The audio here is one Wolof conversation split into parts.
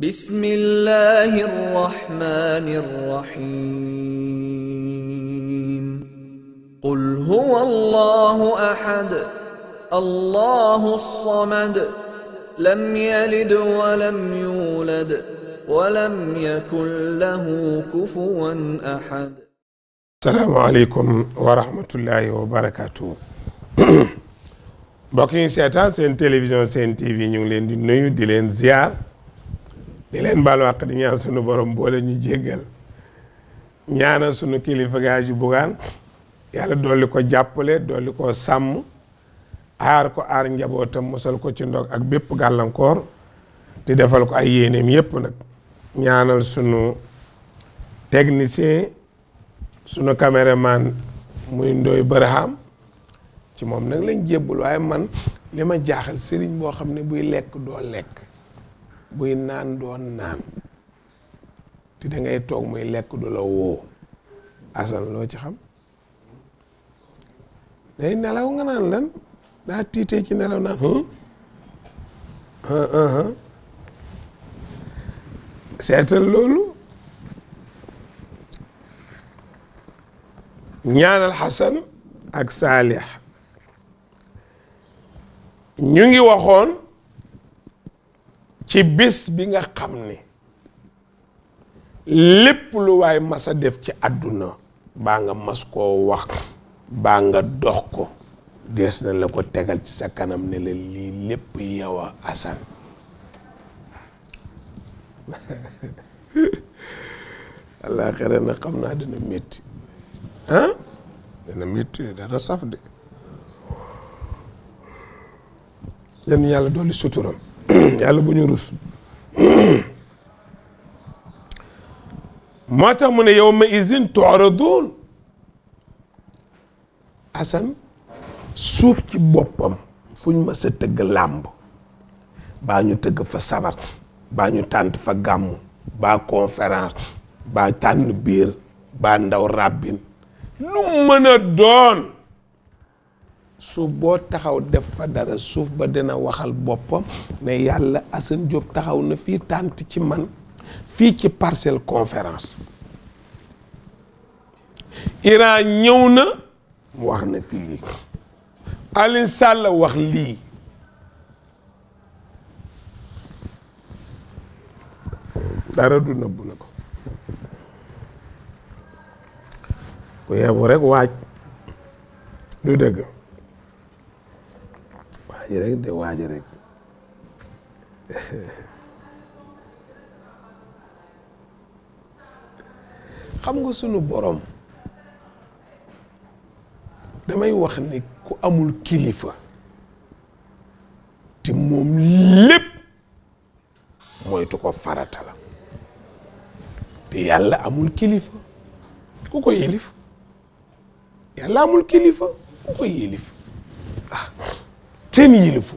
بسم الله الرحمن الرحيم قل هو الله احد الله الصمد لم يلد ولم يولد ولم يكن له كفوا احد السلام عليكم ورحمه الله وبركاته mbokk yi seetaan seen télévision seen TV ñu ngi leen di nuyu di leen ziar di leen baalu àq di ñaan sunu borom boole ñu jéggal ñaanal sunu kilifa gaa ji bugaan yàlla dolli ko jàppale dolli ko sàmm aar ko aar njabootam musal ko ci ndog ak bépp gàllankoor di defal ko ay yéeneem yépp nag ñaanal sunu technicien sunu caméraman muy Ndoye Barham ci moom nag lañ jébbul waaye man li ma jaaxal sëriñ boo xam ne buy lekk doo lekk buy naan doon naan te da ngay toog muy lekk du la woo asan loo ci xam day nelaw nga naan lan daa tiitee ci nelaw naan seetal loolu ñaanal Xasan ak Saalix ñu ngi waxoon ci bis bi nga xam ni lépp lu waay mas a def ci àdduna baa nga mas koo wax baa nga dox ko des na la ko tegal ci sa kanam ne la lii lépp yow a asan allah xere na xam naa dina métti ah dina métti dana saf de yan yàlla dooli suturam yàlla bu ñu rus moo tax mu ne yawma izin tu'radun asan suuf ci boppam fu ñu mës a tëgg làmb baa ñu tëgg fa sabar baa ñu tànt fa gàmmu baa conférence baa tànn biir baa ndaw ràbbin lu mën doon suuf boo taxaw def fa dara suuf ba dina waxal boppam ne yàlla Assane Diop taxaw na fii tànt ci man fii ci parcelle conférence Iran ñëw na wax na fii lii Alioune Sall wax lii dara du nëbb na ko ku yeewu rek waaj du dëgg waaji rek rek xam nga sunu borom damay wax ni ku amul kilifa te moom lépp moytu ko farata la te yàlla amul kilifa ku ko yilif yàlla amul kilifa ku ko yilif kenn yilifu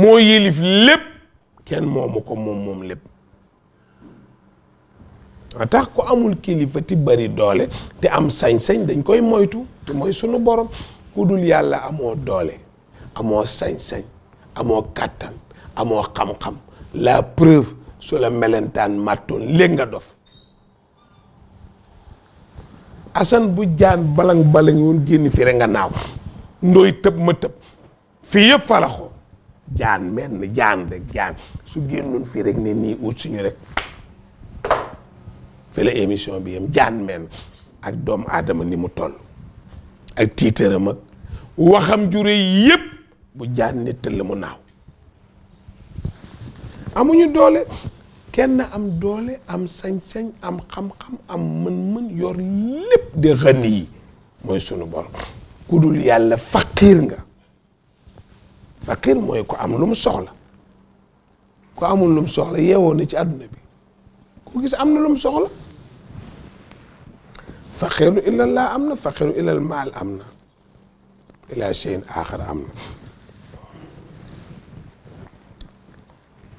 moo yilif lépp kenn moomu ko moom moom lépp a tax ku amul kilifa ti bari doole te am sañ-sañ dañ koy moytu te mooy sunu borom ku dul yàlla amoo doole amoo sañ-sañ amoo kàttan amoo xam-xam la preuve su la melentaan màttoon léeg nga dof asan bu jaan balang balang woon génn fi rek nga naaw ndooy tëb ma tëb fii yëpp faraxoo jaan menn jaan rek jaan su génnoon fii rek ne nii ut suñu rekk fi la émission bi yam jaan ak doomu aadama ni mu toll ak tiitaram ak waxam jure yëpp bu jaan ne tëll mu naaw amuñu doole kenn am doole am sañ-sañ am xam-xam am mën-mën yor lépp de xën yi mooy sunu borom ku dul yàlla faqiir nga fakiir mooy ku am lu mu soxla ku amul lu soxla yeewoo na ci àdduna bi ku gis am na lu mu soxla faqiru ila am na faqiru ila al maal am na ila cheyin axar am na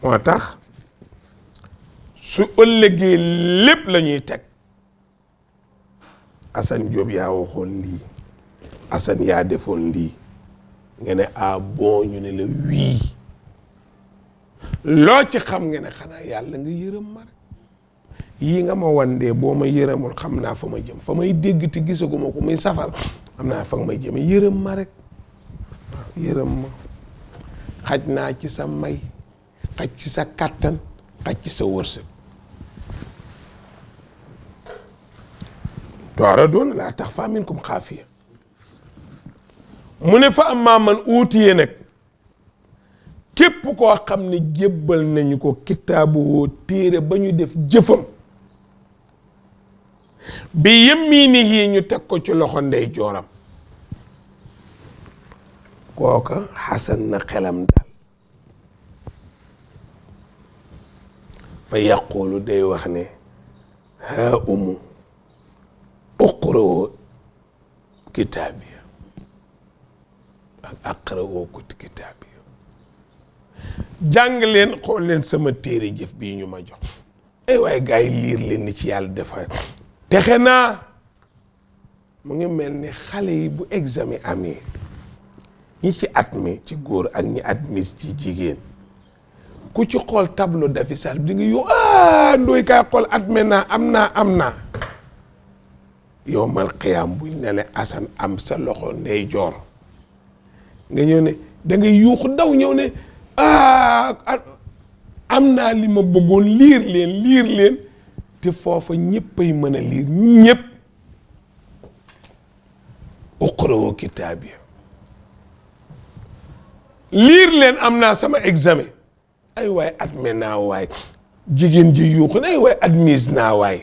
moo tax su ëllëgee lépp la ñuy teg Assane Diop yaa waxoon lii Assane yaa defoon lii nga ne ah bon wii loo ci xam nga ne xanaa yàlla nga yërëm ma nga ma wandee boo ma yërëmul xam naa fa ma jëm fa may dégg te gisaguma ko muy safar xam naa fa ma jëm yërëm ma rek ma xaj naa ci sa may xaj ci sa kàttan xaj ci sa wërsëg tu'raduuna laa taxfaa minkum xaafiya mu ne fa am maa man uutiyee nag képp koo xam ni jébbal nañu ko kitaabu woo téere ba ñu def jëfam bi yi ñu teg ko ci loxo ndey jooram kooka xasan na xelam daal fa yaqulu day wax ne haa umu uqroo kitaabiya aqra woo ko ci kitaab yi leen xool leen sama téere jëf bii ñu ma jox ay waaye gars yi liir leen ni ci yàlla dafa texe naa mu ngi mel ni xale yi bu examen amee ñi ci at mi ci góor ak ñi at mi ci jigéen ku ci xool tableau d'affichage bi di nga yow ah, ndooy kaa xool at me naa am naa am naa yow mal xiyaam buñ nele le asan am sa loxo ndey nga ñëw ne yuuxu daw ñëw ne ah, ah am naa li ma liir leen liir leen te foofa ñëppay mën a liir ñëpp uqra'u kitaabiya liir leen am naa sama examen ay waay admis naa waay jigéen ji yuuxu ne ay waay admis naa waay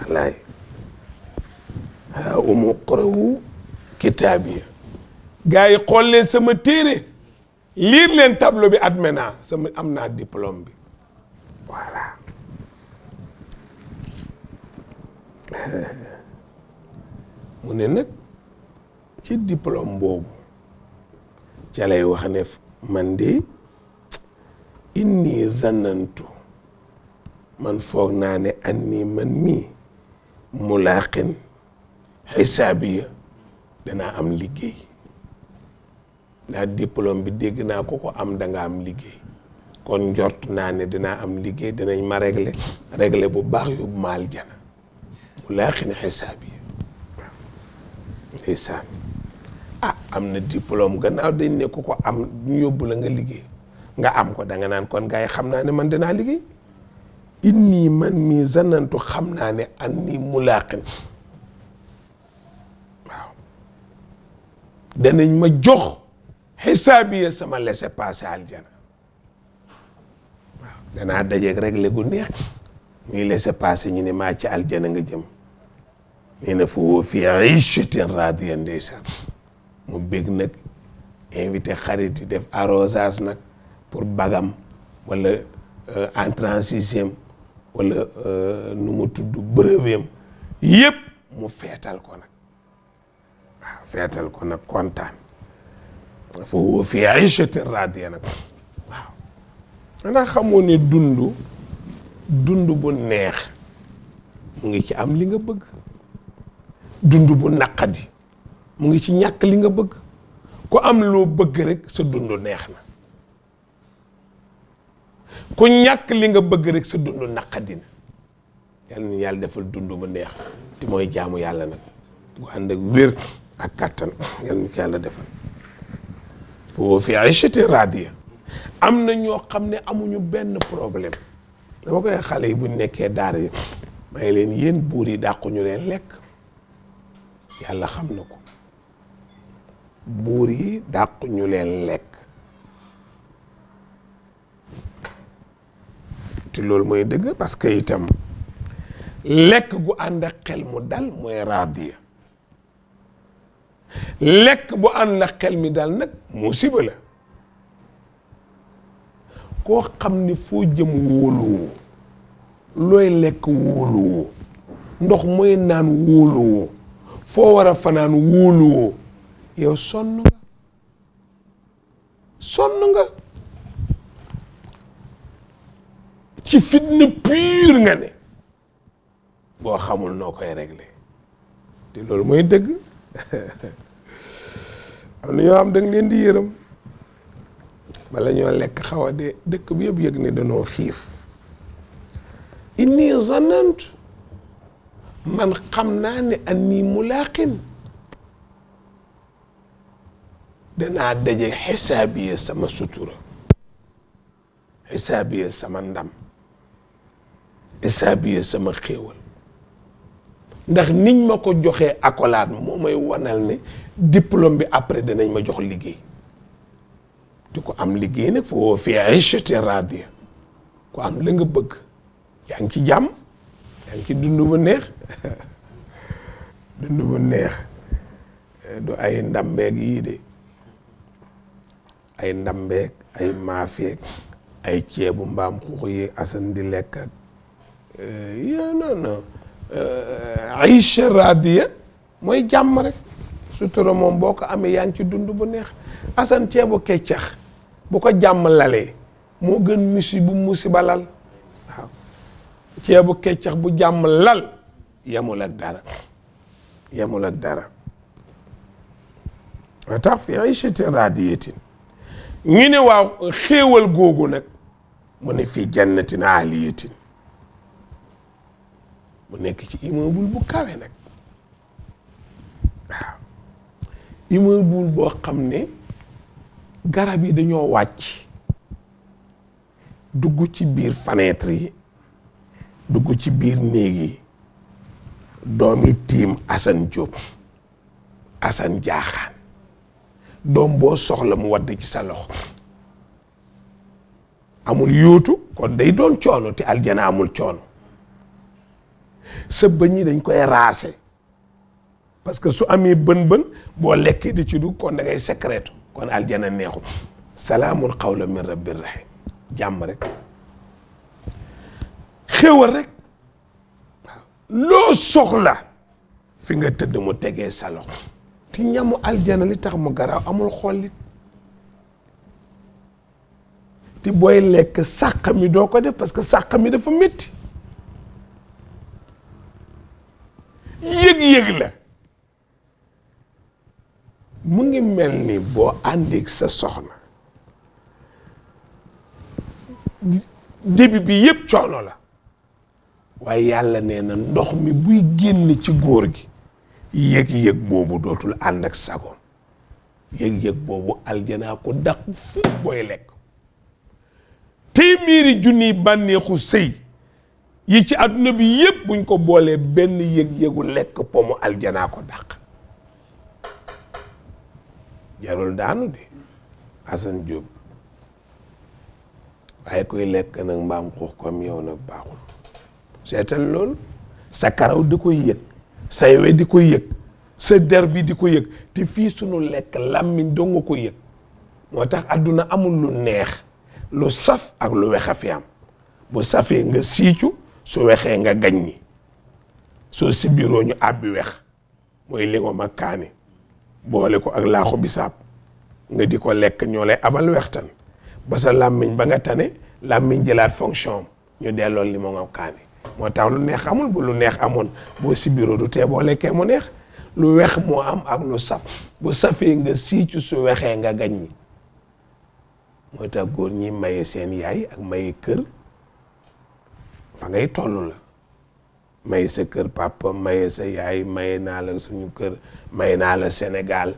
walaay haa umu uqra'u kitaab yi gars yi xool leen sama téere liir leen tableau bi at maintenant sama am naa diplôme bi mu ne nag ci diplôme boobu ca lay wax ne man de inni zanantu man foog naa ne anni man ni mulaaqin xisaabiya danaa am liggéey ndax diplôme bi dégg naa ko ko am da am liggéey kon jot naa ne dinaa am liggéey dinañ ma régler régler bu baax yóbbu mal aljana bu laaxi ne xisaab yi ndeysaan ah, am na diplôme gannaaw dañ ne ko ko am ñu yóbbu la nga liggéey nga am ko da nga naan kon gars yi xam naa ne man dinaa liggéey inni man mii zanantu xam naa ne an nii mulaaqin danañ ma jox xisaabiya sama laissez-passer aljana waaw danaa dajeeg rek léegu neex muy laissez-passer ñu ne maa ci aljana nga jëm nee na foo fi ichatin radiya ndeysaan mu bég nag invité xarit yi def arrosage nag pour bagam wala euh, entrant sixième wala euh, nu mu tudd brevet am yëpp mu feetal ko nag waaw feetal ko nag kontaan fa huwa fi ishatin radiya nag waaw xanaa xamoo ne dund bu neex mu ngi ci am li nga bëgg dund bu naqadi mu ngi ci ñàkk li nga bëgg ko am loo bëgg rek sa dund neex na ko ñàkk li nga bëgg rek sa dund naqadi na yàlla na yàlla defal dund bu neex te mooy jaamu yàlla nag gu ànd ak ak kàttan yal ñu ko yàlla defal wa fi ayshatin raadiya am na ñoo xam ne amuñu benn problème dama koy xale yi bu nekkee daar yi may leen yéen buur yi dàqu ñu leen lekk yàlla xam na ko buur yi dàqu ñu leen lekk te loolu mooy dëgg parce que itam lekk gu ànd ak xel mu dal mooy raadiya lekk bu ànd ak xel mi daal nag musiba la koo xam ni foo jëm wóoluwoo looy lekk wóoluwoo ndox mooy naan wóoluwoo foo war a fanaan wóoluwoo yow sonn nga sonn nga ci fitna pur nga ne boo xamul noo koy regle te loolu mooy dëgg am na ñoo xam da nga leen di yërëm bala ñoo lekk xaw a dee dëkk bi yëpp yëg ne danoo xiif inni zanantu man xam naa ne anni mulaaqin danaa daje xisaabiye sama sutura xisaabiye sama ndam xisaabiye sama xéewal ndax niñ ma ko joxe accolade moo may wanal ne diplôme bi après danañ ma jox liggéey di ko am liggéey nag foo fi ichati radia ku am la bëgg yaa ngi ci jàmm yaa ngi ci dund bu neex dund bu neex eh, du ay ndambeeg yii de ay ndambeeg ay maafeeg ay ceebu mbaam xuux yi asan di lekk ak eh, Euh, euh, aïcha radiya mooy jàmm rek sutura moom boo ko amee yaa ngi ci dund bu neex asan ceebu keccax bu ko jàmm lalee moo gën musi bu musiba lal waaw ceebu keccax bu jàmm lal yemul ak dara yemul ak dara a tax fi aïchati radiyatin ñu ne waaw xéewal googu nag mu ne fii jannatin aaliyatin mu nekk ci immeuble bu kawe nag waaw immeuble boo xam ne garab yi dañoo wàcc dugg ci biir fenêtre yi dugg ci biir néeg yi doomi tiim Assane Diop Assane jaaxaan doom boo soxla mu wadd ci sa loxo amul yóotu kon day doon coono te aljana amul coono sa bëñ yi dañ koy raase parce que su amee bën-bën boo lekkee di ci dugg kon da ngay secrétu kon aljana neexu salaamun qawlan min rabbir rahim jàmm rek xéwal rek loo soxla fi nga tëdd mu tegee sa ti ñamu aljana li tax mu garaaw amul xollit ti booy lekk sàq mi doo ko def parce que sàq mi dafa métti yëg la mu ngi mel ni boo àndik sa soxna début bi yépp coono la waaye yàlla nee na ndox mi buy génn ci góor gi yég yëg boobu dootul ànd ak sagoon yëg-yëg boobu aljanaa ko daq fu booy lekk téeméeri junniy bànneexu sëy yi ci adduna bi yëpp buñ ko boolee benn yëg-yëgu lekk pomu aljanaa ko dàq jarul daanu de Assane Diop waaye koy lekk nag mbaam xuux comme yow nag baaxul seetal lool sa karaw di koy yëg sa we di ko yëg sa der bi di ko yëg te fii sunu lekk làmmiñ doo nga ko yëg moo tax adduna amul lu neex lu saf ak lu wex fi am bu safee nga siicu su wexee nga gaññi soo sibbiroo ñu àbbi wex mooy lingom ak kaani boole ko ak laaxu bisaab nga di ko lekk ñoo lay abal tan ba sa làmmiñ ba nga tane làmmiñ jëlaat fonction ñu delloo limoom ak kaani moo tax lu neex amul bu lu neex amoon boo sibbiroo du tee boo lekkee mu neex lu wex moo am ak lu saf bu safee nga siicu su wexee nga gaññi moo tax góor ñi maye seen yaay ak maye kër fa ngay toll la may sa kër papa maye sa yaay maye naa la suñu kër may naa la Sénégal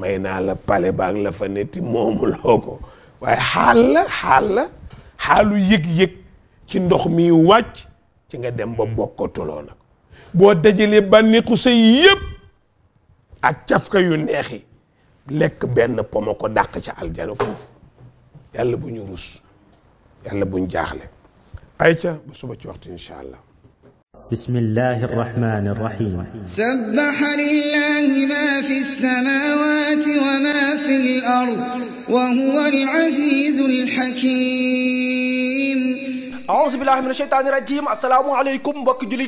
may naa la pale baag la fa netti moomuloo ko waaye xaal la xaal la xaalu yëg-yëg ci ndox mi wàcc ci nga dem ba bokkatuloo nag boo dajalee bànneexu say yépp ak cafka yu neexi lekk benn poma ko dàq ca aljana foofu yàlla bu ñu rus yàlla buñ jaaxle ayca bu suba ci waxtu incha allah بسم الله الرحمن الرحيم سبح لله ما في السماوات وما في الأرض وهو العزيز الحكيم aouzu billahi mina sheytaani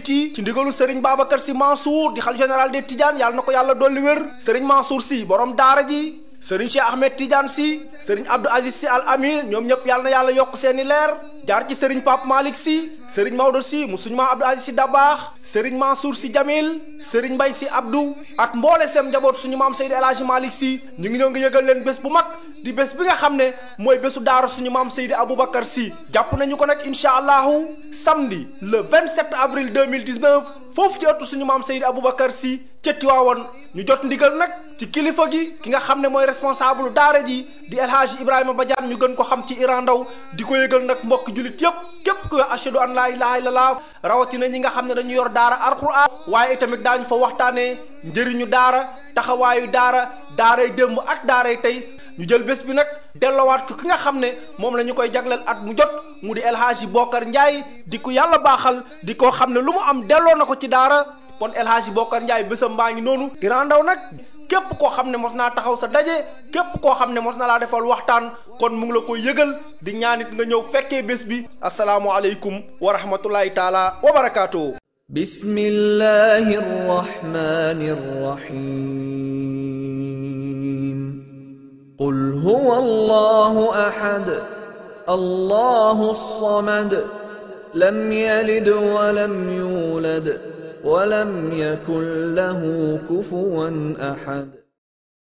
ci ndigalu sëriñ Babacar Sy Mansour di xalifa général des Tidianes yàlla na ko yàlla dolli wér sëriñ Mansour Sy borom daara ji sëriñ Ahmed Tidiane Sy sëriñ Abdou Aziz Sy Al Amin ñoom ñëpp yàlla na yàlla yokk seeni leer jaar ci sëriñ Pape Malick si sëriñ Maodo si mu suñ maa Abdou Aziz si Dabaax sëriñ Mansour si Jamil sëriñ Mbay si Abdou ak mboole seen njaboot suñu maam Seydi El Hadji Malick si ñu ngi ñoo ngi yëgal leen bés bu mag di bés bi nga xam ne mooy bésu daara suñu maam Seydi Aboubacar si jàpp nañu ko nag incha allahu samedi le 27 avril 2019 foofu ci ëttu suñu maam Seydi Aboubacar si ca Tiwaawoon ñu jot ndigal nag ci kilifa gi ki nga xam ne mooy responsable daara ji di El Hadji Ibrahima Badiane ñu gën ko xam ci Iran Ndaw di ko yëgal nag mbokk julit yëpp képp ku ashadu an laay ilaaha illallaah rawatina ñi nga xam ne dañu yor daara alxuraan waaye itamit daañu fa waxtaanee njëriñu daara taxawaayu daara daaray démb ak daaray tey ñu jël bés bi nag dellowaat ko ki nga xam ne moom la ñu koy jaglal at mu jot mu di El Hadji Bokar Ndiaye di ko yàlla baaxal di ko xam ne lu mu am delloo na ko ci daara kon El Hadji Bokar Ndiaye bésam baa ngi noonu Iran Ndao nag képp koo xam ne mos naa taxaw sa daje képp koo xam ne mos na laa defal waxtaan kon mu ngi la ko yëgal di ñaanit nga ñëw fekkee bés bi assalaamu aleykum rahmatullahi taala wa barakaatu. bismillahi rahmaani rahim. قل هو الله احد الله الصمد لم يلد ولم يولد ولم يكن له كفوا احد